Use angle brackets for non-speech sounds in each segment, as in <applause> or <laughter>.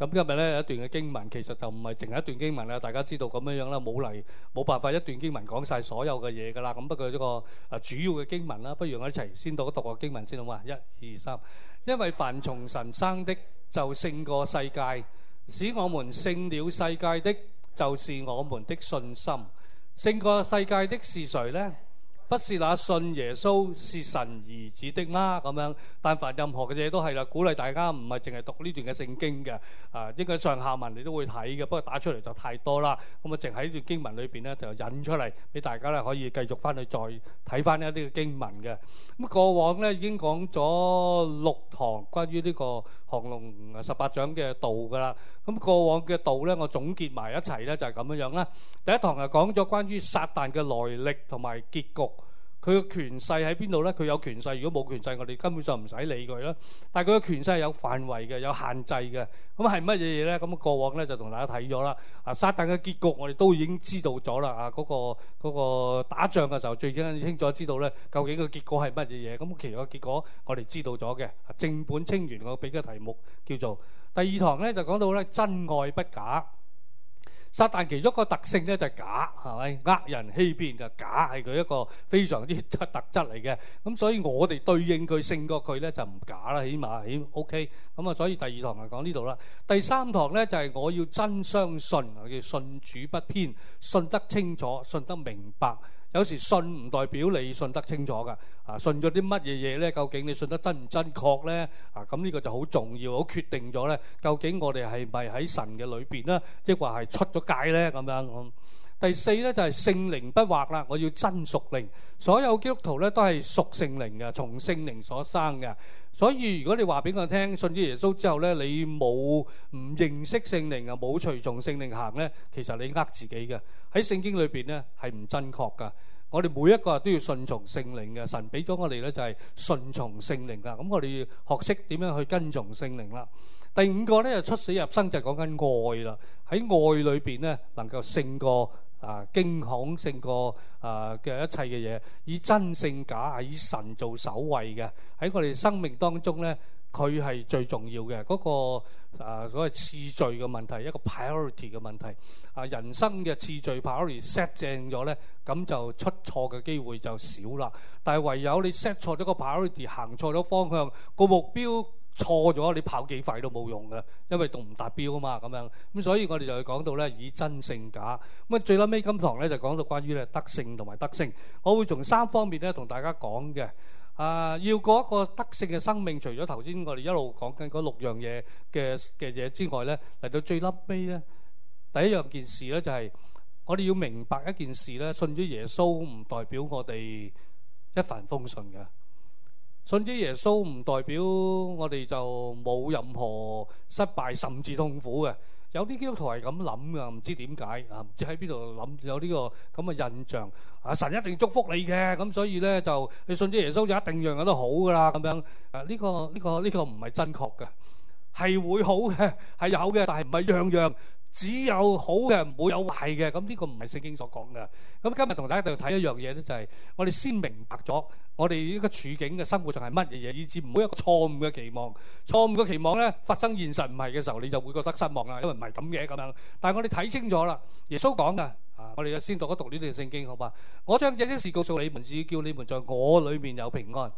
咁今日咧有一段嘅經文，其實就唔係淨係一段經文啦，大家知道咁樣樣啦，冇嚟冇辦法一段經文講晒所有嘅嘢㗎喇。咁不過一個誒主要嘅經文啦，不如我哋一齊先讀一讀個經文先好嘛？一、二、三，因為凡從神生的，就勝過世界，使我們勝了世界的就是我們的信心。勝過世界的是誰呢？不是那信耶穌是神兒子的嗎？咁樣，但凡任何嘅嘢都係啦。鼓勵大家唔係淨係讀呢段嘅聖經嘅啊、呃，應該上下文你都會睇嘅。不過打出嚟就太多啦，咁啊，淨喺呢段經文裏邊咧就引出嚟俾大家咧可以繼續翻去再睇翻一啲嘅經文嘅。咁過往咧已經講咗六堂關於呢個降龍十八掌嘅道噶啦。咁過往嘅道咧，我總結埋一齊咧，就係咁樣樣啦。第一堂又講咗關於撒但嘅來歷同埋結局，佢嘅權勢喺邊度咧？佢有權勢，如果冇權勢，我哋根本上唔使理佢啦。但係佢嘅權勢係有範圍嘅，有限制嘅。咁係乜嘢嘢咧？咁過往咧就同大家睇咗啦。啊，撒但嘅結局，我哋都已經知道咗啦。啊，嗰個，嗰個打仗嘅時候，最緊要清楚知道咧，究竟個結果係乜嘢嘢？咁其實個結果，我哋知道咗嘅。正本清源，我俾個題目叫做。第二堂咧就講到咧真愛不假，撒旦其中一個特性咧就是、假，係咪？呃人欺騙就假係佢一個非常之特質嚟嘅，咁所以我哋對應佢勝過佢咧就唔假啦，起碼，起，OK，咁啊，OK、所以第二堂就講呢度啦。第三堂咧就係、是、我要真相信，叫信主不偏，信得清楚，信得明白。有時信唔代表你信得清楚噶，啊信咗啲乜嘢嘢咧？究竟你信得真唔真確咧？啊咁呢個就好重要，好決定咗咧，究竟我哋係咪喺神嘅裏邊咧，抑或係出咗界咧？咁樣。第四咧就係聖靈不惑啦，我要真屬靈，所有基督徒咧都係屬聖靈嘅，從聖靈所生嘅。所以如果你話俾我聽信咗耶穌之後咧，你冇唔認識聖靈啊，冇隨從聖靈行咧，其實你呃自己嘅，喺聖經裏面咧係唔正確噶。我哋每一個都要順從聖靈嘅，神俾咗我哋咧就係順從聖靈噶。咁我哋要學識點樣去跟從聖靈啦。第五個咧就出死入生就係講緊愛啦，喺愛裏邊咧能夠勝過。啊，驚恐勝過嘅、啊、一切嘅嘢，以真勝假，以神做守衛嘅喺我哋生命當中咧，佢係最重要嘅嗰、那個、啊、所謂次序嘅問題，一個 priority 嘅問題啊，人生嘅次序 priority set 正咗咧，咁就出錯嘅機會就少啦。但係唯有你 set 錯咗個 priority，行錯咗方向，個目標。錯咗，你跑幾快都冇用㗎，因為都唔達標啊嘛，咁樣咁，所以我哋就講到咧以真性假，咁啊最粒尾今堂咧就講到關於咧德性同埋德性，我會從三方面咧同大家講嘅，啊要過一個德性嘅生命，除咗頭先我哋一路講緊嗰六樣嘢嘅嘅嘢之外咧，嚟到最粒尾咧，第一樣件事咧就係、是、我哋要明白一件事咧，信咗耶穌唔代表我哋一帆風順嘅。信主耶穌唔代表我哋就冇任何失敗，甚至痛苦嘅。有啲基督徒係咁諗噶，唔知點解啊？唔知喺邊度諗有呢個咁嘅印象啊？神一定祝福你嘅，咁所以咧就你信主耶穌就一定樣樣都好噶啦咁樣。啊，呢個呢個呢個唔係真確嘅，係會好嘅，係有嘅，但係唔係樣樣。只有好嘅，唔會有壞嘅，咁、這、呢個唔係聖經所講噶。咁今日同大家度睇一樣嘢咧，就係我哋先明白咗我哋呢個處境嘅生活上係乜嘢嘢，以至唔會有一個錯誤嘅期望。錯誤嘅期望咧，發生現實唔係嘅時候，你就會覺得失望啦，因為唔係咁嘅咁樣，樣。但係我哋睇清楚啦，耶穌講噶啊，我哋就先讀一讀呢段聖經，好嘛？我將這些事告訴你們，是叫你們在我裏面有平安。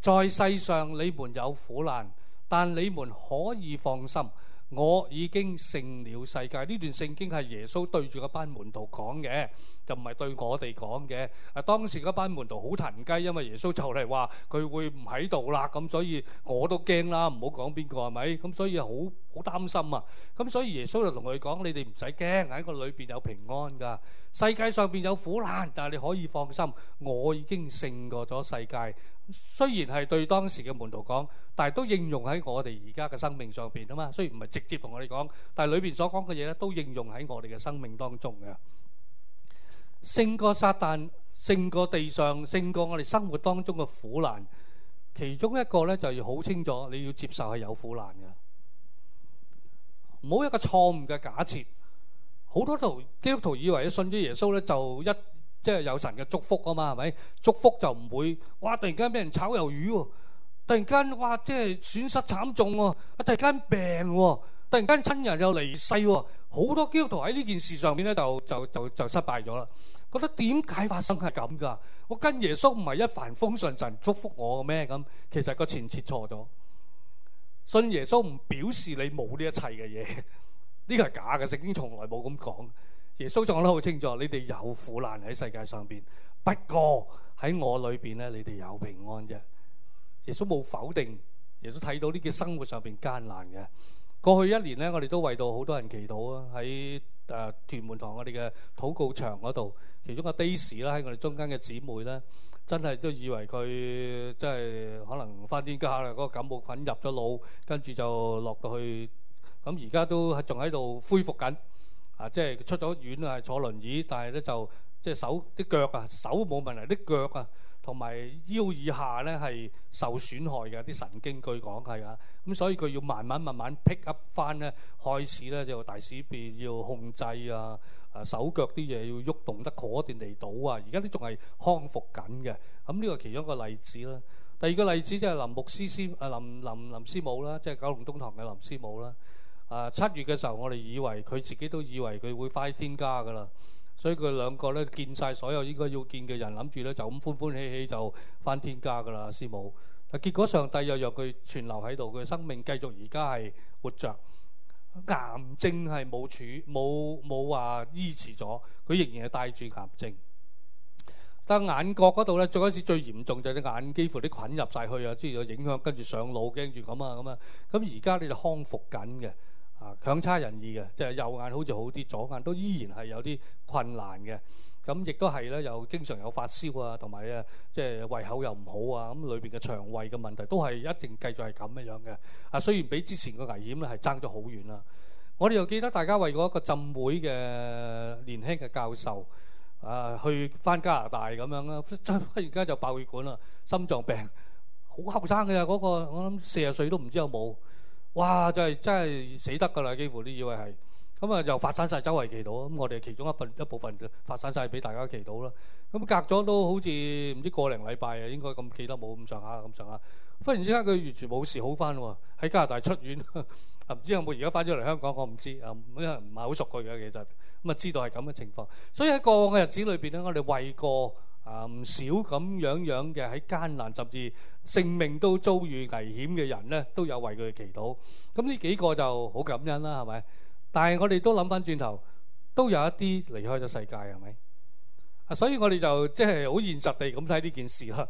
在世上你們有苦難，但你們可以放心。我已經勝了世界，呢段聖經係耶穌對住嗰班門徒講嘅，就唔係對我哋講嘅。啊，當時嗰班門徒好騰雞，因為耶穌就嚟話佢會唔喺度啦，咁所以我都驚啦，唔好講邊個係咪？咁所以好好擔心啊。咁所以耶穌就同佢講：你哋唔使驚，喺個裏邊有平安㗎。世界上邊有苦難，但係你可以放心，我已經勝過咗世界。雖然係對當時嘅門徒講，但係都應用喺我哋而家嘅生命上邊啊嘛。雖然唔係直接同我哋講，但係裏邊所講嘅嘢咧，都應用喺我哋嘅生命當中嘅。勝過撒旦，勝過地上，勝過我哋生活當中嘅苦難。其中一個咧，就要好清楚，你要接受係有苦難嘅。冇一個錯誤嘅假設，好多徒基督徒以為，你信咗耶穌咧，就一。即係有神嘅祝福啊嘛，係咪？祝福就唔會，哇！突然間俾人炒魷魚，突然間，哇！即係損失慘重喎，啊！突然間病，啊，突然間親人又離世，啊，好多基督徒喺呢件事上面咧，就就就就失敗咗啦。覺得點解發生係咁噶？我跟耶穌唔係一帆風順，神祝福我嘅咩？咁其實個前設錯咗，信耶穌唔表示你冇呢一切嘅嘢，呢個係假嘅。聖經從來冇咁講。耶穌講得好清楚，你哋有苦難喺世界上邊，不過喺我裏邊咧，你哋有平安啫。耶穌冇否定，耶穌睇到呢啲生活上邊艱難嘅。過去一年咧，我哋都為到好多人祈禱啊，喺誒、呃、屯門堂我哋嘅禱告場嗰度，其中阿 Dee 士咧喺我哋中間嘅姊妹咧，真係都以為佢真係可能發啲假，嗰、那個感冒菌入咗腦，跟住就落到去，咁而家都仲喺度恢復緊。啊，即係出咗院啊，坐輪椅，但係咧就即係手啲腳啊，手冇問題，啲腳啊同埋腰以下咧係受損害嘅，啲神經據講係啊，咁所以佢要慢慢慢慢 pick up 翻咧，開始咧就大小便要控制啊，手腳啲嘢要喐動得嗰段地度啊，而家都仲係康復緊嘅，咁呢個其中一個例子啦。第二個例子即係林牧師師啊，林林林師母啦，即係九龍東堂嘅林師母啦。啊、呃！七月嘅時候，我哋以為佢自己都以為佢會翻天家噶啦，所以佢兩個咧見晒所有應該要見嘅人，諗住咧就咁歡歡喜喜就翻天家噶啦，師母。但結果上帝又讓佢存留喺度，佢生命繼續而家係活着。癌症係冇處冇冇話醫治咗，佢仍然係帶住癌症。但眼角嗰度咧，最開始最嚴重就隻眼幾乎啲菌入晒去啊，之後有影響跟住上腦，驚住咁啊咁啊。咁而家你就康復緊嘅。啊，強差人意嘅，即係右眼好似好啲，左眼都依然係有啲困難嘅。咁亦都係咧，又經常有發燒啊，同埋咧，即係胃口又唔好啊。咁裏邊嘅腸胃嘅問題都係一定繼續係咁樣嘅。啊，雖然比之前嘅危險咧係爭咗好遠啦。我哋又記得大家為嗰一個浸會嘅年輕嘅教授啊，去翻加拿大咁樣啦，忽然間就爆血管啦，心臟病，好後生嘅。咋、那、嗰個？我諗四十歲都唔知有冇。哇！就係真係死得㗎啦，幾乎都以為係咁啊，就發散晒周圍祈禱咁，我哋其中一份一部分就發散晒俾大家祈禱啦。咁隔咗都好似唔知個零禮拜啊，應該咁記得冇咁上下咁上下。忽然之間佢完全冇事好翻喎，喺加拿大出院啊，唔 <laughs> 知有冇而家翻咗嚟香港，我唔知啊，因為唔係好熟佢嘅其實咁啊，知道係咁嘅情況。所以喺過往嘅日子裏邊咧，我哋為過。啊！唔少咁樣樣嘅喺艱難，甚至性命都遭遇危險嘅人咧，都有為佢祈禱。咁呢幾個就好感恩啦，係咪？但係我哋都諗翻轉頭，都有一啲離開咗世界，係咪？啊！所以我哋就即係好現實地咁睇呢件事啦。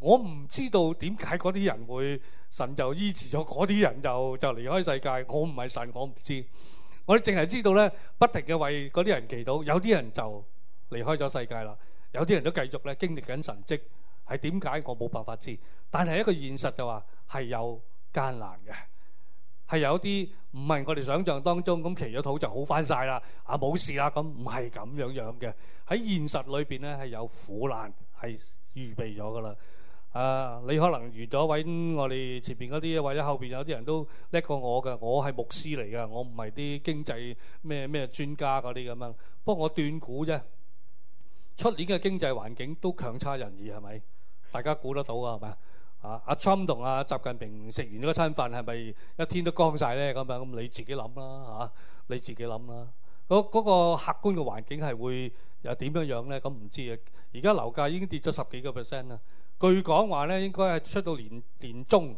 我唔知道點解嗰啲人會神就醫治咗嗰啲人就，就就離開世界。我唔係神，我唔知。我哋淨係知道咧，不停嘅為嗰啲人祈禱，有啲人就離開咗世界啦。有啲人都繼續咧經歷緊神蹟，係點解我冇辦法知？但係一個現實就話係有艱難嘅，係有啲唔係我哋想象當中咁，祈咗禱就好返晒啦，啊冇事啦咁，唔係咁樣樣嘅。喺現實裏邊咧係有苦難係預備咗噶啦。啊，你可能預咗位我哋前邊嗰啲，或者後邊有啲人都叻過我嘅，我係牧師嚟嘅，我唔係啲經濟咩咩專家嗰啲咁樣，不過我斷估啫。出年嘅經濟環境都強差人意係咪？大家估得到是啊，係咪啊？阿 Trump 同阿習近平食完嗰餐飯係咪一天都光晒咧？咁樣咁你自己諗啦嚇，你自己諗啦。嗰、嗰個客觀嘅環境係會又點樣樣咧？咁唔知啊。而家樓價已經跌咗十幾個 percent 啊。據講話咧，應該係出到年年中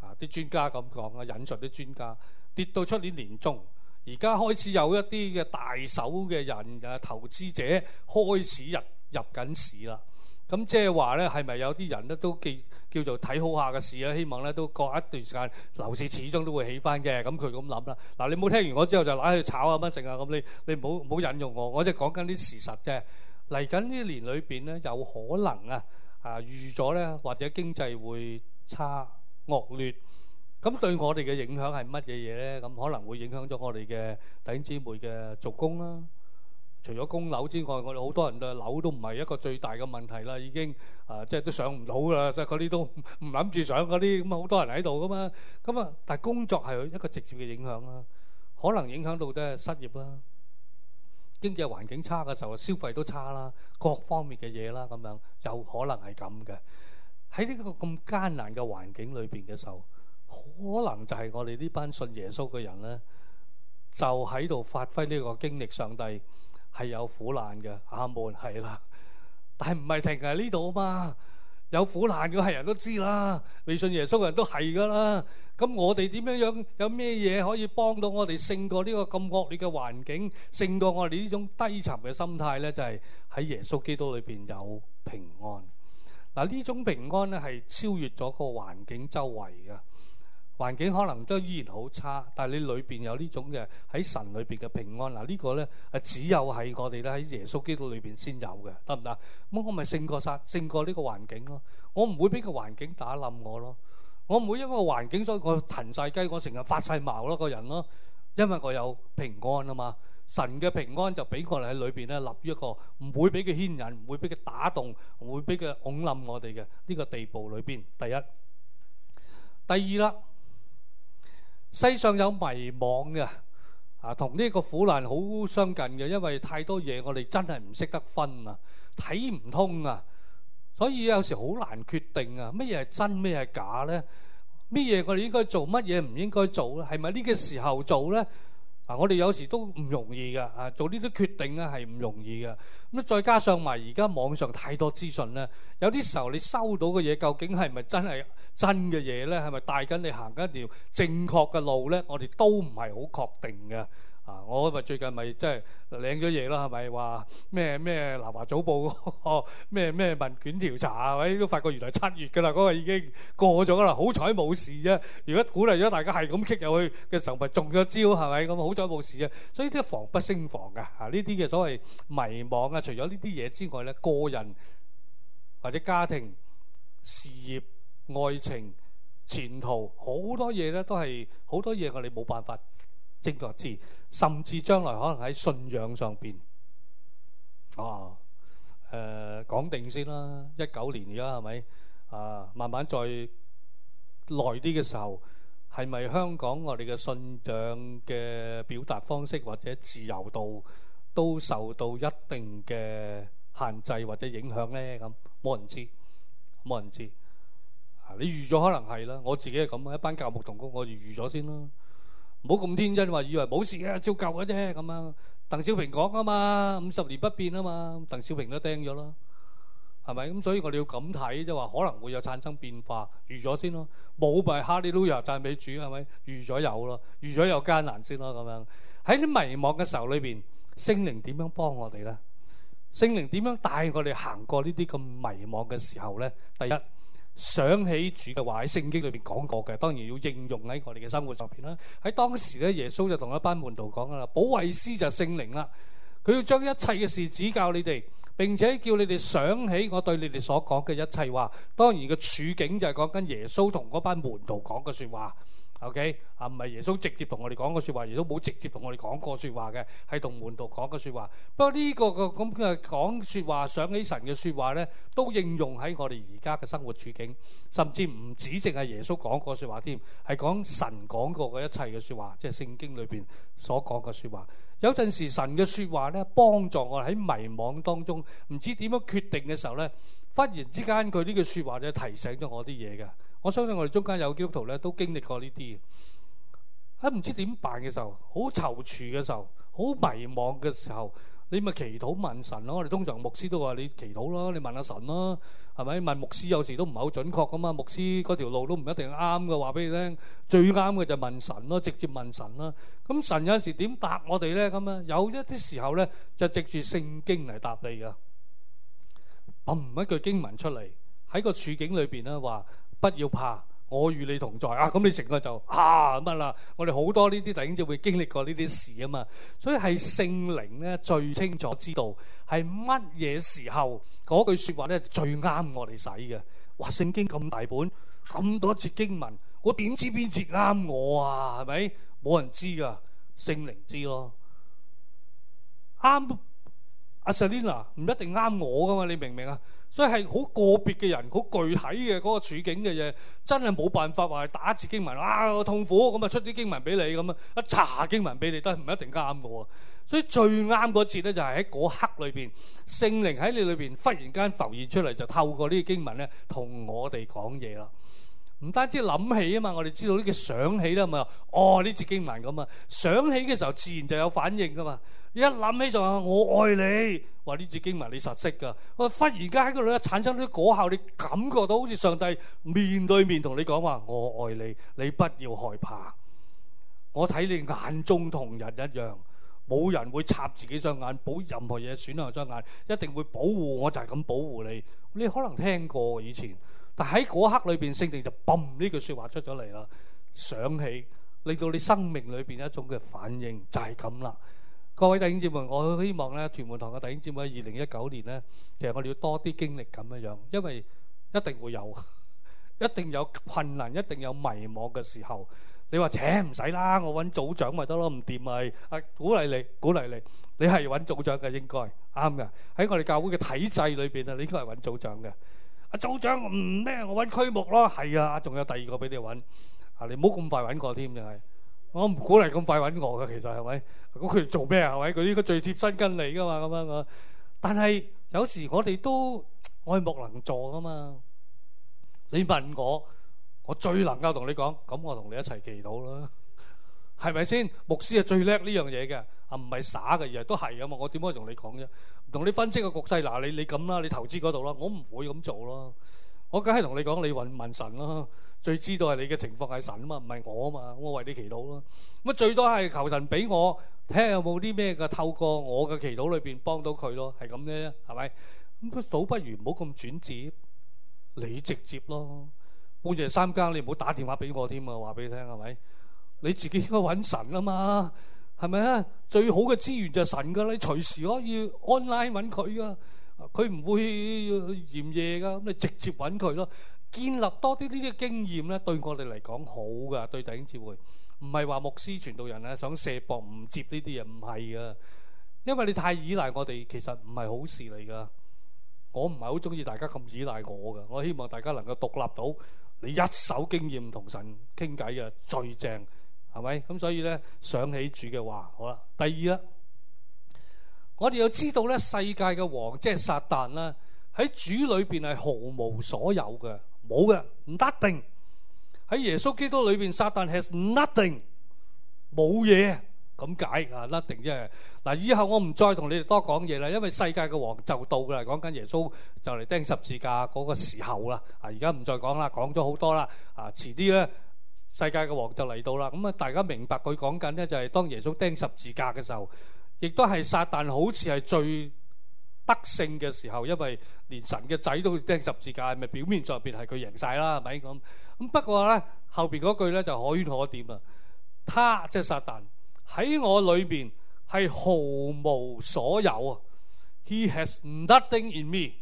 啊，啲專家咁講啊，引述啲專家跌到出年年中。而家開始有一啲嘅大手嘅人啊，投資者開始入入緊市啦。咁即係話咧，係咪有啲人咧都叫叫做睇好下嘅市啊？希望咧都過一段時間，樓市始終都會起翻嘅。咁佢咁諗啦。嗱、啊，你冇聽完我之後就攞去炒啊乜剩啊？咁你你唔好唔好引用我？我即係講緊啲事實啫。嚟緊呢年裏邊咧，有可能啊啊預咗咧，或者經濟會差惡劣。咁對我哋嘅影響係乜嘢嘢咧？咁可能會影響咗我哋嘅弟兄姊妹嘅做工啦。除咗供樓之外，我哋好多人都樓都唔係一個最大嘅問題啦。已經啊，即係都上唔到啦，即係嗰啲都唔諗住上嗰啲咁啊，好多人喺度噶嘛。咁啊，但係工作係一個直接嘅影響啦，可能影響到都係失業啦。經濟環境差嘅時候，消費都差啦，各方面嘅嘢啦，咁樣有可能係咁嘅。喺呢個咁艱難嘅環境裏邊嘅時候。可能就係我哋呢班信耶穌嘅人咧，就喺度發揮呢個經歷。上帝係有苦難嘅，阿門係啦。但係唔係停喺呢度啊？嘛有苦難嘅係人都知啦，未信耶穌嘅人都係噶啦。咁我哋點樣樣有咩嘢可以幫到我哋勝過呢個咁惡劣嘅環境，勝過我哋呢種低沉嘅心態咧？就係喺耶穌基督裏邊有平安嗱。呢種平安咧係超越咗個環境周圍噶。環境可能都依然好差，但係你裏邊有呢種嘅喺神裏邊嘅平安嗱，這個、呢個咧係只有係我哋咧喺耶穌基督裏邊先有嘅，得唔得？咁、嗯、我咪勝過曬勝過呢個環境咯、啊，我唔會俾個環境打冧我咯，我唔會因為個環境所以我騰晒雞，我成日發晒毛咯，這個人咯，因為我有平安啊嘛，神嘅平安就俾我哋喺裏邊咧立於一個唔會俾佢牽引，唔會俾佢打動，唔會俾佢恐冧我哋嘅呢個地步裏邊。第一，第二啦。世上有迷惘嘅，啊，同呢個苦難好相近嘅，因為太多嘢我哋真係唔識得分啊，睇唔通啊，所以有時好難決定啊，乜嘢係真咩係假咧？乜嘢我哋應該做，乜嘢唔應該做咧？係咪呢個時候做咧？嗱、啊，我哋有時都唔容易嘅，啊，做呢啲決定咧係唔容易嘅。咁、啊、再加上埋而家網上太多資訊咧，有啲時候你收到嘅嘢究竟係咪真係真嘅嘢咧？係咪帶緊你行緊條正確嘅路咧？我哋都唔係好確定嘅。啊！我咪最近咪即係領咗嘢咯，係咪話咩咩南華早報咩咩問卷調查啊？喂，都發覺原來七月嘅啦，嗰、那個已經過咗啦。好彩冇事啫。如果鼓勵咗大家係咁激入去嘅時候，咪、就是、中咗招係咪咁？好彩冇事啫。所以啲防不勝防噶嚇，呢啲嘅所謂迷茫啊，除咗呢啲嘢之外咧，個人或者家庭、事業、愛情、前途好多嘢咧，都係好多嘢我哋冇辦法。正確知，甚至將來可能喺信仰上邊，啊，誒、呃，講定先啦。一九年而家係咪啊？慢慢再耐啲嘅時候，係咪香港我哋嘅信仰嘅表達方式或者自由度都受到一定嘅限制或者影響咧？咁冇人知，冇人知。啊，你預咗可能係啦，我自己係咁，一班教牧同工，我預，我哋預咗先啦。唔好咁天真，話以為冇事啊，照舊嘅啫咁樣。鄧小平講啊嘛，五十年不變啊嘛，鄧小平都釘咗咯，係咪？咁所以我哋要咁睇，即係話可能會有產生變化，預咗先咯。冇咪哈利路亞讚美主，係咪？預咗有咯，預咗有艱難先咯咁樣。喺啲迷茫嘅時候裏邊，聖靈點樣幫我哋咧？聖靈點樣帶我哋行過呢啲咁迷茫嘅時候咧？第一。想起主嘅話喺聖經裏邊講過嘅，當然要應用喺我哋嘅生活上邊啦。喺當時咧，耶穌就同一班門徒講啦，保惠師就聖靈啦，佢要將一切嘅事指教你哋，並且叫你哋想起我對你哋所講嘅一切話。當然個處境就係講緊耶穌同嗰班門徒講嘅說話。O、okay? K，啊，唔係耶穌直接同我哋講個説話，亦都冇直接同我哋講過説話嘅，係同門徒講個説話。不過呢、這個個咁嘅講説話，想起神嘅説話咧，都應用喺我哋而家嘅生活處境，甚至唔止淨係耶穌講過説話添，係講神講過嘅一切嘅説話，即係聖經裏邊所講嘅説話。有陣時神嘅説話咧，幫助我喺迷惘當中，唔知點樣決定嘅時候咧，忽然之間佢呢句説話就提醒咗我啲嘢嘅。我相信我哋中間有基督徒咧，都經歷過呢啲喺唔知點辦嘅時候，好躊躇嘅時候，好迷茫嘅時候，你咪祈禱問神咯。我哋通常牧師都話你祈禱咯，你問下神咯，係咪？問牧師有時都唔係好準確㗎嘛？牧師嗰條路都唔一定啱嘅。話俾你聽，最啱嘅就問神咯，直接問神啦。咁神有時點答我哋咧？咁樣，有一啲時候咧，就藉住聖經嚟答你㗎，嘣一句經文出嚟喺個處境裏邊咧話。不要怕，我與你同在啊！咁你成個就啊乜啦？我哋好多呢啲弟兄就會經歷過呢啲事啊嘛，所以係聖靈咧最清楚知道係乜嘢時候嗰句説話咧最啱我哋使嘅。哇！聖經咁大本，咁多節經文，我點知邊節啱我啊？係咪冇人知噶？聖靈知咯，啱阿、啊、Selina 唔一定啱我噶嘛？你明唔明啊？所以係好個別嘅人，好具體嘅嗰個處境嘅嘢，真係冇辦法話打字經文啊痛苦咁啊出啲經文俾你咁啊一查經文俾你都係唔一定啱㗎喎。所以最啱嗰節咧就係喺嗰刻裏面，聖靈喺你裏面忽然間浮現出嚟，就透過呢啲經文咧同我哋講嘢啦。唔單止諗起啊嘛，我哋知道呢個想起啦嘛。哦，呢隻經文咁啊，想起嘅時候自然就有反應噶嘛。一諗起就話我愛你，話呢隻經文你實識噶。我忽然間喺個腦產生啲果效，你感覺到好似上帝面對面同你講話，我愛你，你不要害怕。我睇你眼中同人一樣，冇人會插自己雙眼，保任何嘢損害雙眼，一定會保護我，我就係咁保護你。你可能聽過以前。但喺嗰刻裏邊，聖靈就嘣呢句説話出咗嚟啦，想起令到你生命裏邊一種嘅反應就係咁啦。各位弟兄姐妹，我好希望咧，屯門堂嘅弟兄姊妹二零一九年咧，其實我哋要多啲經歷咁嘅樣，因為一定會有，一定有困難，一定有迷茫嘅時候。你話請唔使啦，我揾組長咪得咯，唔掂咪啊，啊鼓勵你，鼓勵你，你係揾組長嘅應該啱嘅。喺我哋教會嘅體制裏邊啊，你應該係揾組長嘅。嗯、啊，組長唔咩，我搵區牧咯，係啊，仲有第二個俾你搵。啊你唔好咁快搵我添，就係，我唔鼓勵咁快搵我噶，其實係咪？咁佢哋做咩啊？係咪？佢呢個最貼身跟你噶嘛，咁樣，但係有時我哋都愛莫能助啊嘛。你問我，我最能夠同你講，咁我同你一齊祈禱啦。係咪先牧師係最叻呢樣嘢嘅啊唔係耍嘅嘢，都係啊嘛我點可以同你講啫？同你分析個局勢嗱，你你咁啦，你投資嗰度啦，我唔會咁做咯。我梗係同你講，你問問神咯，最知道係你嘅情況係神啊嘛，唔係我啊嘛，我為你祈禱咯。乜最多係求神俾我睇下有冇啲咩嘅透過我嘅祈禱裏邊幫到佢咯，係咁啫，係咪？咁佢倒不如唔好咁轉接，你直接咯。半夜三更你唔好打電話俾我添啊，話俾你聽係咪？你自己應該揾神啊嘛，係咪啊？最好嘅資源就係神噶。你隨時可以 online 揾佢噶，佢唔會嫌嘢噶。咁你直接揾佢咯，建立多啲呢啲經驗咧，對我哋嚟講好噶。對弟兄智慧唔係話牧師傳道人呀，想卸膊唔接呢啲嘢，唔係噶，因為你太依賴我哋，其實唔係好事嚟噶。我唔係好中意大家咁依賴我噶，我希望大家能夠獨立到，你一手經驗同神傾偈就最正。係咪？咁所以咧，想起主嘅話，好啦。第二啦，我哋要知道咧，世界嘅王即係撒但啦，喺主裏邊係毫無所有嘅，冇嘅，nothing。喺耶穌基督裏邊，撒但 has nothing，冇嘢咁解啊，nothing 啫。嗱，以後我唔再同你哋多講嘢啦，因為世界嘅王就到噶啦，講緊耶穌就嚟釘十字架嗰個時候啦。啊，而家唔再講啦，講咗好多啦。啊，遲啲咧。世界嘅王就嚟到啦，咁啊，大家明白佢講緊咧，就係當耶穌釘十字架嘅時候，亦都係撒旦好似係最得勝嘅時候，因為連神嘅仔都釘十字架，咪表面上邊係佢贏晒啦，係咪咁？咁不過咧，後邊嗰句咧就可圈可點啊，他即係、就是、撒旦，喺我裏邊係毫無所有啊，He has nothing in me。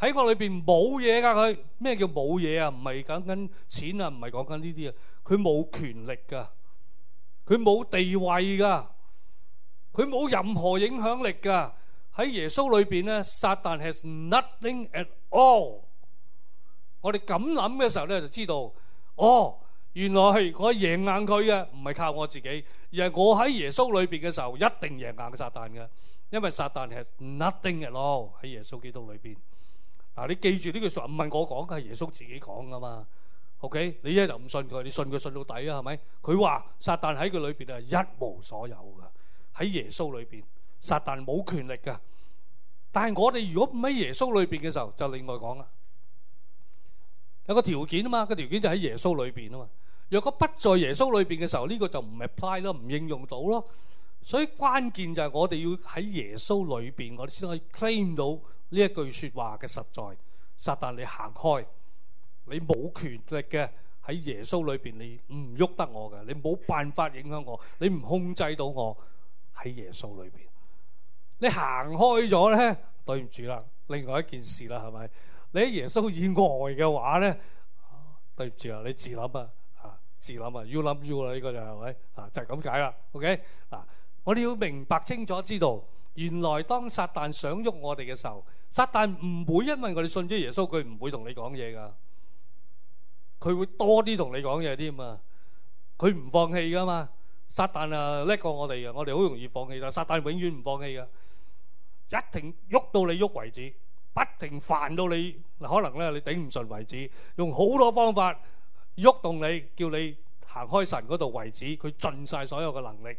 喺個裏邊冇嘢噶，佢咩叫冇嘢啊？唔係講緊錢啊，唔係講緊呢啲啊。佢冇權力噶，佢冇地位噶，佢冇任何影響力噶。喺耶穌裏邊咧，撒旦 has nothing at all。我哋咁諗嘅時候咧，就知道哦，原來係我贏硬佢嘅，唔係靠我自己，而係我喺耶穌裏邊嘅時候，一定贏硬嘅撒旦嘅，因為撒旦 has nothing at all 喺耶穌基督裏邊。嗱、啊，你記住呢句說話，唔係我講，係耶穌自己講噶嘛。OK，你一就唔信佢，你信佢信到底啊，係咪？佢話撒旦喺佢裏邊係一無所有噶，喺耶穌裏邊，撒旦冇權力噶。但係我哋如果唔喺耶穌裏邊嘅時候，就另外講啦。有個條件啊嘛，個條件就喺耶穌裏邊啊嘛。若果不在耶穌裏邊嘅時候，呢、這個就唔 apply 咯，唔應用到咯。所以關鍵就係我哋要喺耶穌裏邊，我哋先可以 claim 到呢一句說話嘅實在。撒但，你行開，你冇權力嘅喺耶穌裏邊，你唔喐得我嘅，你冇辦法影響我，你唔控制到我喺耶穌裏邊。你行開咗咧，對唔住啦，另外一件事啦，係咪？你喺耶穌以外嘅話咧，對唔住啦，你自諗啊，啊自諗啊，you 諗 you 啦，呢個就係咪啊？You you 對對就係咁解啦，OK 嗱。我哋要明白清楚，知道原來當撒旦想喐我哋嘅時候，撒旦唔會因為我哋信咗耶穌，佢唔會同你講嘢噶，佢會多啲同你講嘢添啊。佢唔放棄噶嘛，撒旦啊叻過我哋啊，我哋好容易放棄，但係撒旦永遠唔放棄噶，一定喐到你喐為止，不停煩到你嗱，可能咧你頂唔順為止，用好多方法喐動你，叫你行開神嗰度為止，佢盡晒所有嘅能力。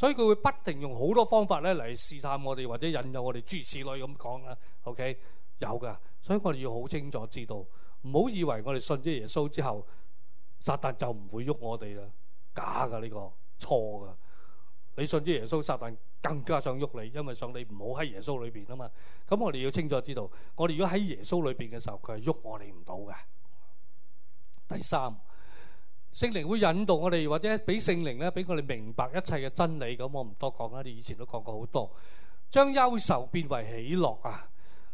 所以佢會不停用好多方法咧嚟試探我哋，或者引誘我哋，諸如此類咁講啦。OK，有噶，所以我哋要好清楚知道，唔好以為我哋信咗耶穌之後，撒旦就唔會喐我哋啦，假噶呢個，錯噶。你信咗耶穌，撒旦更加想喐你，因為想你唔好喺耶穌裏邊啊嘛。咁我哋要清楚知道，我哋如果喺耶穌裏邊嘅時候，佢係喐我哋唔到嘅。第三。聖靈會引導我哋，或者俾聖靈咧，俾我哋明白一切嘅真理。咁我唔多講啦，你以前都講過好多，將憂愁變為喜樂啊！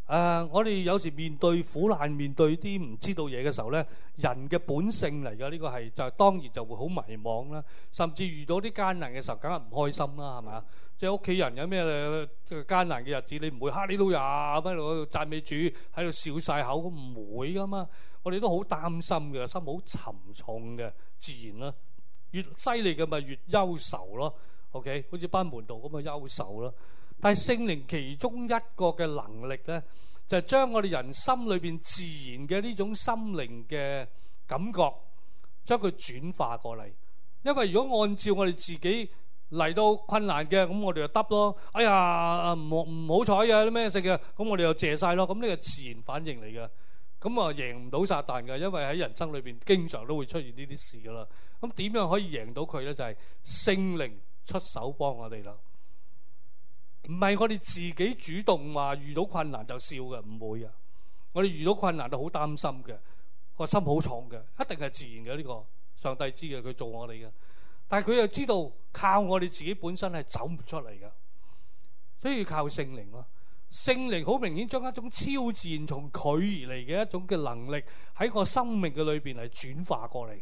誒、呃，我哋有時面對苦難，面對啲唔知道嘢嘅時候咧，人嘅本性嚟㗎。呢、這個係就係、當然就會好迷茫啦，甚至遇到啲艱難嘅時候，梗係唔開心啦，係咪啊？即係屋企人有咩艱難嘅日子，你唔會哈利路亞喺度讚美主，喺度笑晒口，咁唔會㗎嘛。我哋都好擔心嘅，心好沉重嘅，自然啦。越犀利嘅咪越憂愁咯。OK，好似班門徒咁嘅憂愁啦。但係聖靈其中一個嘅能力咧，就係將我哋人心裏邊自然嘅呢種心靈嘅感覺，將佢轉化過嚟。因為如果按照我哋自己嚟到困難嘅，咁我哋就耷咯。哎呀，唔唔好彩嘅啲咩嘢食嘅，咁我哋就謝晒咯。咁呢個自然反應嚟嘅。咁啊，贏唔到撒旦㗎，因為喺人生裏面經常都會出現呢啲事噶啦。咁點樣可以贏到佢咧？就係聖靈出手幫我哋啦。唔係我哋自己主動話遇到困難就笑嘅，唔會啊。我哋遇到困難都好擔心嘅，個心好重嘅，一定係自然嘅呢個。上帝知嘅，佢做我哋嘅。但係佢又知道靠我哋自己本身係走唔出嚟㗎，所以要靠聖靈咯。聖靈好明顯，將一種超自然從佢而嚟嘅一種嘅能力喺個生命嘅裏邊嚟轉化過嚟。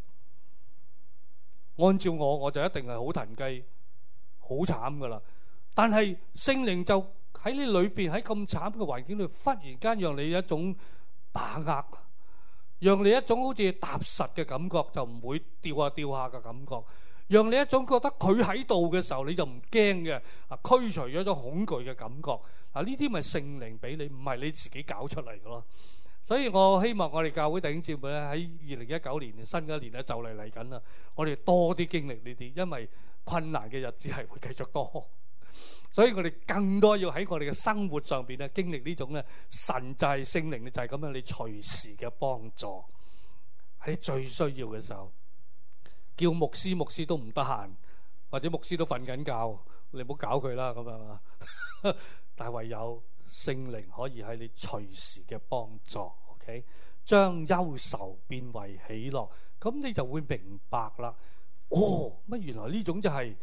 按照我我就一定係好騰雞，好慘噶啦。但係聖靈就喺你裏邊喺咁慘嘅環境度，忽然間讓你一種把握，讓你一種好似踏實嘅感覺，就唔會掉下掉下嘅感覺，讓你一種覺得佢喺度嘅時候你就唔驚嘅啊，驅除咗一種恐懼嘅感覺。啊！呢啲咪聖靈俾你，唔係你自己搞出嚟嘅咯。所以我希望我哋教會頂尖姊妹弟兄姊妹咧，喺二零一九年新一年咧就嚟嚟緊啦。我哋多啲經歷呢啲，因為困難嘅日子係會繼續多，所以我哋更多要喺我哋嘅生活上面咧經歷呢種咧神聖靈就聖靈就係咁樣，你隨時嘅幫助喺最需要嘅時候，叫牧師牧師都唔得閒，或者牧師都瞓緊覺，你唔好搞佢啦咁啊！ <laughs> 但唯有聖靈可以喺你隨時嘅幫助，OK？將憂愁變為喜樂，咁你就會明白啦。哦，乜原來呢種就係、是、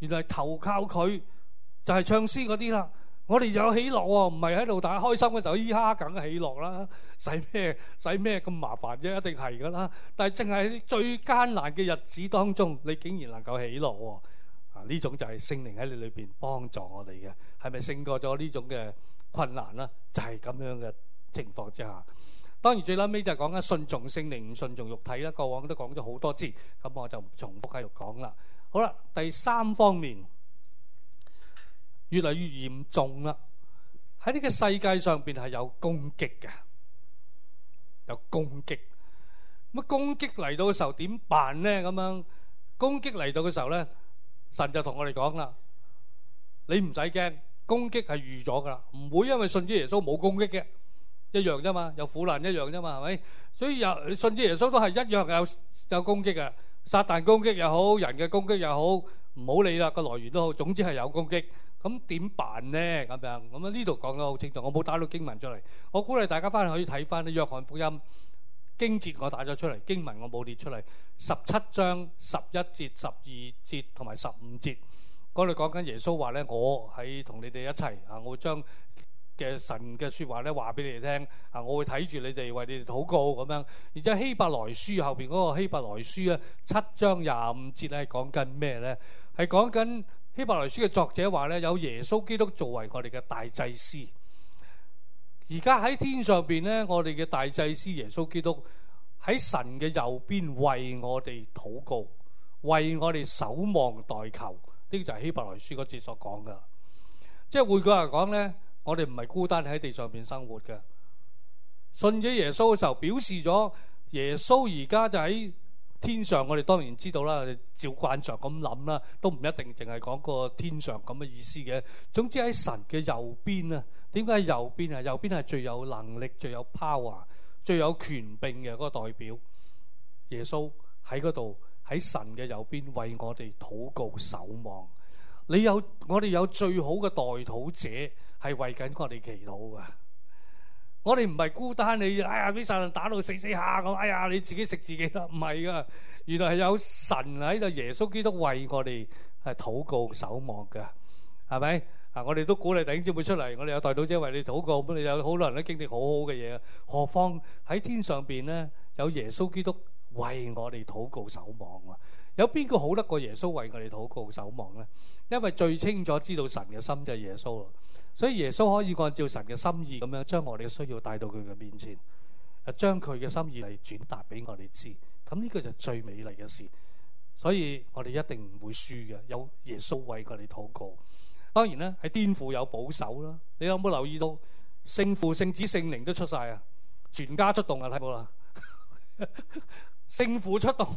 原來投靠佢就係、是、唱詩嗰啲啦。我哋有喜樂喎、哦，唔係喺度大家開心嘅時候咿哈梗喜樂啦，使咩使咩咁麻煩啫？一定係噶啦。但係淨係最艱難嘅日子當中，你竟然能夠喜樂喎、哦！呢、啊、種就係聖靈喺你裏邊幫助我哋嘅，係咪勝過咗呢種嘅困難咧？就係、是、咁樣嘅情況之下，當然最 last 尾就講緊順從聖靈，唔順從肉體啦。過往都講咗好多次，咁我就唔重複繼續講啦。好啦，第三方面越嚟越嚴重啦，喺呢個世界上邊係有攻擊嘅，有攻擊咁。攻擊嚟到嘅時候點辦咧？咁樣攻擊嚟到嘅時候咧？神就同我哋講啦，你唔使驚，攻擊係預咗噶啦，唔會因為信主耶穌冇攻擊嘅，一樣啫嘛，有苦難一樣啫嘛，係咪？所以又信主耶穌都係一樣有有攻擊嘅，撒但攻擊又好，人嘅攻擊又好，唔好理啦，個來源都好，總之係有攻擊。咁點辦呢？咁樣咁啊？呢度講得好清楚，我冇打到經文出嚟，我鼓勵大家翻去可以睇翻《約翰福音》。經節我打咗出嚟，經文我冇列出嚟。十七章十一節、十二節同埋十五節，嗰度講緊耶穌話呢，我喺同你哋一齊啊，我會將嘅神嘅説話呢話俾你哋聽啊，我會睇住你哋，為你哋禱告咁樣。然後希伯來書後邊，嗰個希伯來書啊，七章廿五節呢係講緊咩呢？係講緊希伯來書嘅作者話呢，有耶穌基督作為我哋嘅大祭司。而家喺天上邊咧，我哋嘅大祭司耶穌基督喺神嘅右邊為我哋禱告，為我哋守望代求，呢個就係希伯來書嗰節所講噶。即係換句話講咧，我哋唔係孤單喺地上邊生活嘅，信咗耶穌嘅時候，表示咗耶穌而家就喺天上，我哋當然知道啦。照慣常咁諗啦，都唔一定淨係講個天上咁嘅意思嘅。總之喺神嘅右邊啊，點解喺右邊啊？右邊係最有能力、最有 power、最有權柄嘅嗰個代表耶穌喺嗰度，喺神嘅右邊為我哋禱告守望。你有我哋有最好嘅代禱者，係為緊我哋祈禱㗎。我哋唔係孤單，你哎呀俾殺人打到死死下咁，哎呀你自己食自己啦！唔係噶，原來係有神喺度，耶穌基督為我哋係禱告守望嘅，係咪？啊，我哋都鼓勵弟兄姊妹出嚟，我哋有代禱者為你禱告，咁你有好多人都經歷好好嘅嘢。何況喺天上邊咧，有耶穌基督為我哋禱告守望啊！有邊個好得過耶穌為我哋禱告守望咧？因為最清楚知道神嘅心就係耶穌咯。所以耶穌可以按照神嘅心意咁樣將我哋嘅需要帶到佢嘅面前，誒，將佢嘅心意嚟轉達俾我哋知。咁、這、呢個就是最美麗嘅事。所以我哋一定唔會輸嘅，有耶穌為過你禱告。當然咧，係顛覆有保守啦。你有冇留意到聖父、聖子、聖靈都出晒啊，全家出動啊，睇冇啦， <laughs> 聖父出動。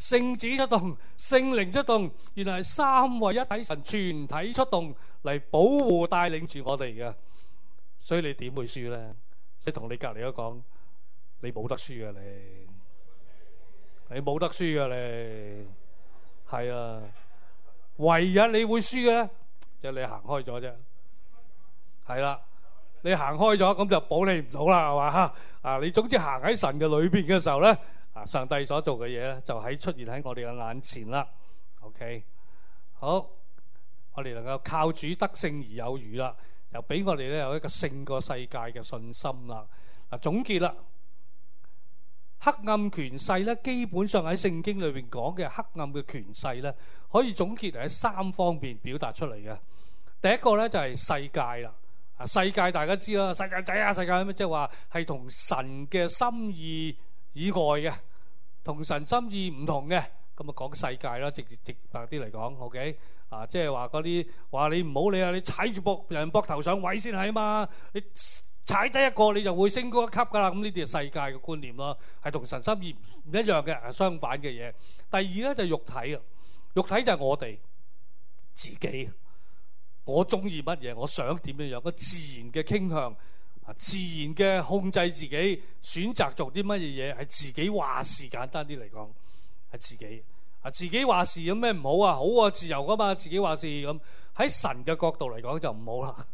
聖子出動，聖靈出動，原來係三位一體神全體出動嚟保護帶領住我哋嘅，所以你點會輸咧？即係同你隔籬一講，你冇得輸嘅你，你冇得輸嘅你，係啊，唯一你會輸嘅咧，就係你行開咗啫，係啦，你行開咗咁就保你唔到啦，係嘛吓，啊，你總之行喺神嘅裏邊嘅時候咧。啊！上帝所做嘅嘢咧，就喺出現喺我哋嘅眼前啦。OK，好，我哋能夠靠主得勝而有餘啦，又俾我哋咧有一個勝過世界嘅信心啦。嗱，總結啦，黑暗權勢咧，基本上喺聖經裏邊講嘅黑暗嘅權勢咧，可以總結嚟喺三方面表達出嚟嘅。第一個咧就係世界啦。啊，世界大家知啦，世界仔啊，世界咩、啊啊？即係話係同神嘅心意以外嘅，同神心意唔同嘅，咁啊講世界啦，直接直白啲嚟講，OK 啊，即係話嗰啲話你唔好理啊，你踩住膊人膊頭上位先係嘛，你踩低一個你就會升高一級噶啦，咁呢啲係世界嘅觀念咯，係同神心意唔一樣嘅，係相反嘅嘢。第二咧就係肉體啊，肉體就係我哋自己，我中意乜嘢，我想點樣樣，個自然嘅傾向。自然嘅控制自己，選擇做啲乜嘢嘢，係自己話事。簡單啲嚟講，係自己。啊，自己話事有咩唔好啊？好啊，自由噶、啊、嘛，自己話事咁。喺神嘅角度嚟講就唔好啦、啊，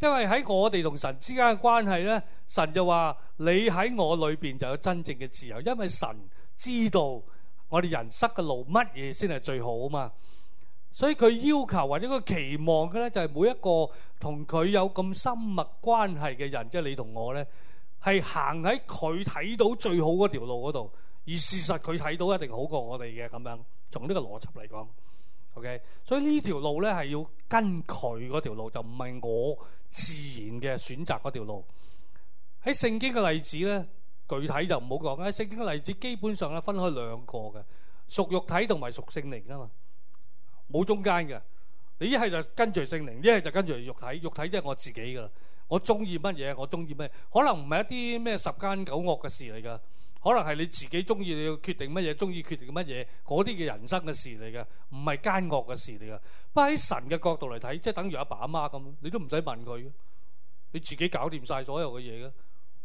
因為喺我哋同神之間嘅關係咧，神就話你喺我裏邊就有真正嘅自由，因為神知道我哋人生嘅路乜嘢先係最好啊嘛。所以佢要求或者佢期望嘅咧，就係每一個同佢有咁深密關係嘅人，即係你同我咧，係行喺佢睇到最好嗰條路嗰度。而事實佢睇到一定好過我哋嘅咁樣。從呢個邏輯嚟講，OK。所以呢條路咧係要跟佢嗰條路，就唔係我自然嘅選擇嗰條路。喺聖經嘅例子咧，具體就唔好講。喺聖經嘅例子，基本上咧分開兩個嘅屬肉體同埋屬性靈啊嘛。冇中間嘅，你一係就跟住聖靈，一係就跟住肉體。肉體即係我自己噶啦，我中意乜嘢，我中意咩，可能唔係一啲咩十奸九惡嘅事嚟噶，可能係你自己中意你要決定乜嘢，中意決定乜嘢，嗰啲嘅人生嘅事嚟噶，唔係奸惡嘅事嚟噶。不過喺神嘅角度嚟睇，即係等於阿爸阿媽咁，你都唔使問佢，你自己搞掂晒所有嘅嘢嘅。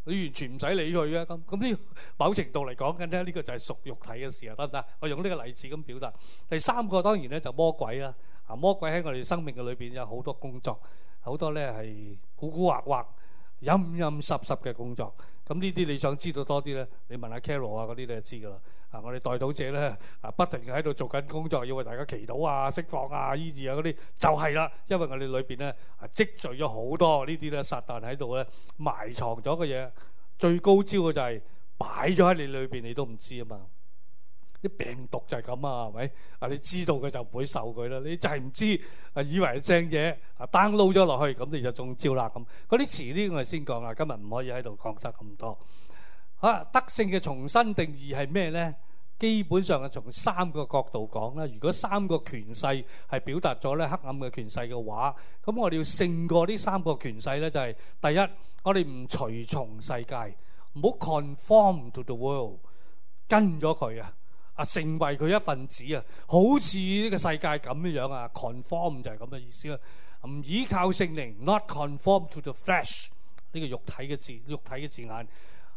你完全唔使理佢啊！咁咁呢，某程度嚟講，緊咧呢個就係屬肉體嘅事啊，得唔得？我用呢個例子咁表達。第三個當然咧就是魔鬼啦，啊魔鬼喺我哋生命嘅裏邊有好多工作，好多咧係古古惑惑、陰陰濕濕嘅工作。咁呢啲你想知道多啲咧，你問下 Carol 啊嗰啲你就知噶啦。啊！我哋代禱者咧，啊，不停喺度做緊工作，要為大家祈禱啊、釋放啊、醫治啊嗰啲，就係啦。因為我哋裏邊咧，啊，積聚咗好多呢啲咧，撒但喺度咧埋藏咗嘅嘢，最高招嘅就係擺咗喺你裏邊，你都唔知啊嘛。啲病毒就係咁啊，係咪？啊，你知道佢就唔會受佢啦，你就係唔知啊，以為係正嘢啊，download 咗落去，咁你就中招啦咁。嗰啲遲啲我先講啊，今日唔可以喺度講得咁多。啊！德性嘅重新定義係咩咧？基本上係從三個角度講啦。如果三個權勢係表達咗咧黑暗嘅權勢嘅話，咁我哋要勝過呢三個權勢咧，就係第一，我哋唔隨從世界，唔好 conform to the world，跟咗佢啊，啊成為佢一份子啊，好似呢個世界咁樣樣啊。conform 就係咁嘅意思啦。唔依靠聖靈，not conform to the flesh 呢個肉體嘅字，肉體嘅字眼。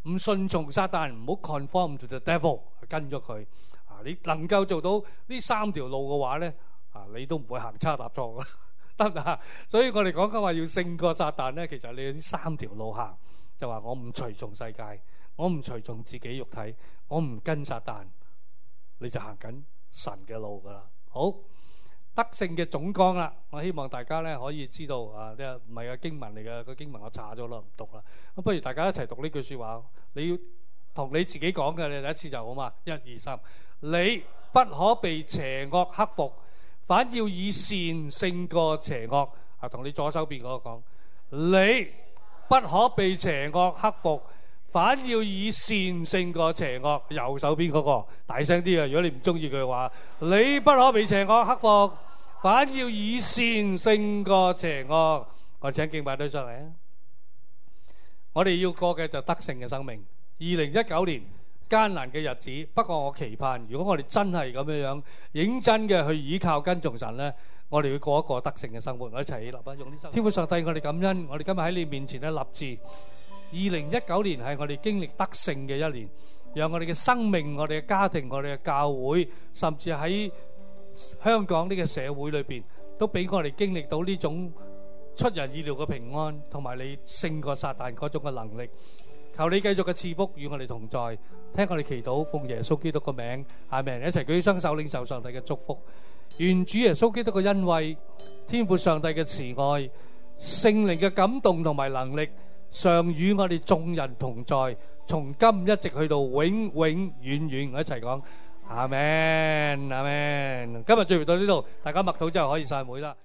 唔順從撒旦，唔好 conform to the devil，跟咗佢。啊，你能夠做到呢三條路嘅話咧，啊，你都唔會行差踏錯噶，得唔得啊？所以我哋講緊話要勝過撒旦咧，其實你有呢三條路行，就話我唔隨從世界，我唔隨從自己肉體，我唔跟撒旦，你就行緊神嘅路噶啦。好。德性嘅總綱啦，我希望大家咧可以知道啊，即唔係個經文嚟嘅個經文，我查咗咯，唔讀啦。咁不如大家一齊讀呢句説話，你要同你自己講嘅你第一次就好嘛，一二三，你不可被邪惡克服，反要以善勝過邪惡。啊，同你左手邊嗰個講，你不可被邪惡克服，反要以善勝過邪惡。右手邊嗰個大聲啲啊，如果你唔中意佢嘅話，你不可被邪惡克服。反要以善勝過邪惡，我請敬拜隊上嚟啊！我哋要過嘅就得勝嘅生命。二零一九年艱難嘅日子，不過我期盼，如果我哋真係咁樣樣認真嘅去依靠跟從神咧，我哋會過一個得勝嘅生活。我一齊起立啊！用啲手。天父上帝，我哋感恩，我哋今日喺你面前咧立志。二零一九年係我哋經歷得勝嘅一年，讓我哋嘅生命、我哋嘅家庭、我哋嘅教會，甚至喺香港呢個社會裏邊，都俾我哋經歷到呢種出人意料嘅平安，同埋你勝過撒旦嗰種嘅能力。求你繼續嘅賜福與我哋同在，聽我哋祈禱，奉耶穌基督個名，阿門！一齊舉雙手領受上帝嘅祝福，願主耶穌基督嘅恩惠、天父上帝嘅慈愛、聖靈嘅感動同埋能力，常與我哋眾人同在，從今一直去到永永遠，遠遠，遠一，一齊講。阿們阿們今日聚會到呢度，大家默禱之後可以散會啦。